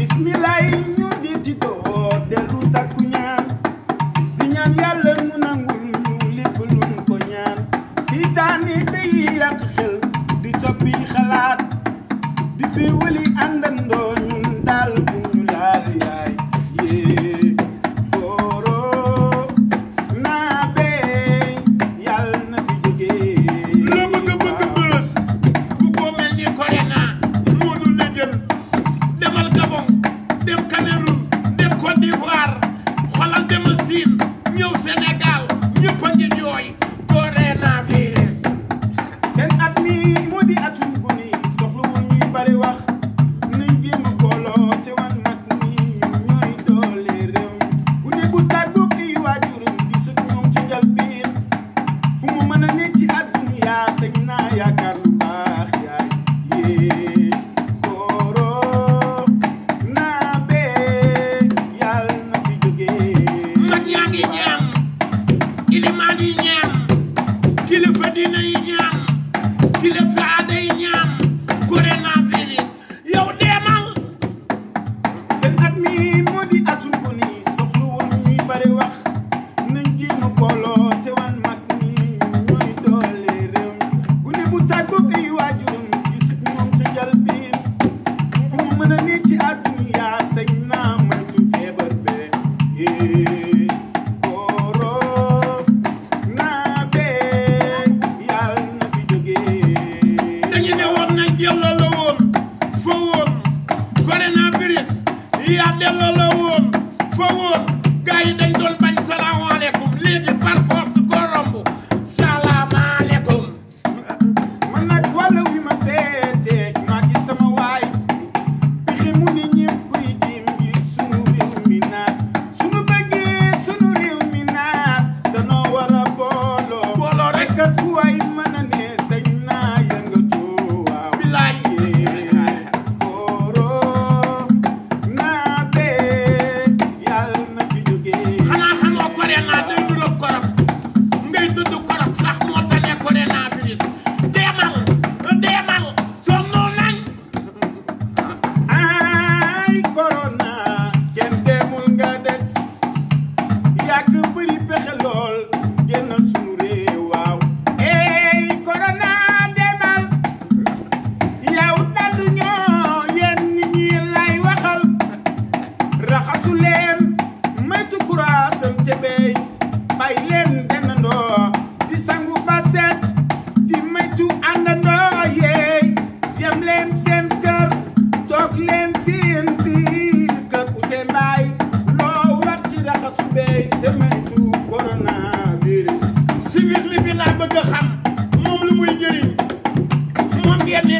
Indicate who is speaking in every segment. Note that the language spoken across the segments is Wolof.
Speaker 1: bismillah ñu di ci doo dellu sakku ñaan di ñaan yàlla mu nangul ñu lépp lu ko ñaan seytaane day yàq xel di soppi xalaat di féewali àndandoo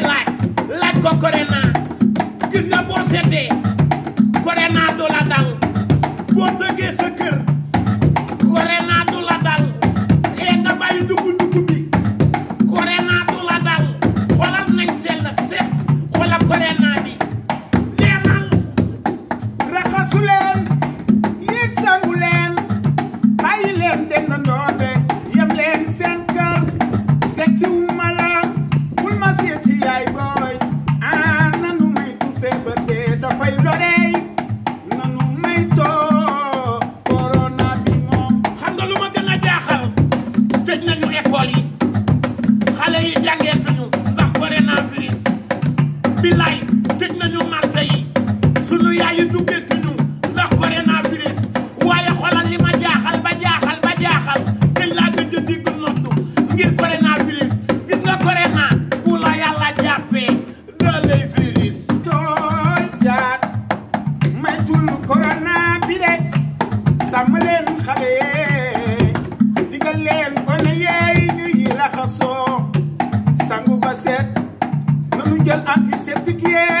Speaker 1: laaj laaj ko corona gis nga boo seetee corona du la dal boo tëggee sa kër sàmm leen xale yee digal leen gone yeey ñuy laxasoo sangu ba set nanu jël antiseptique yee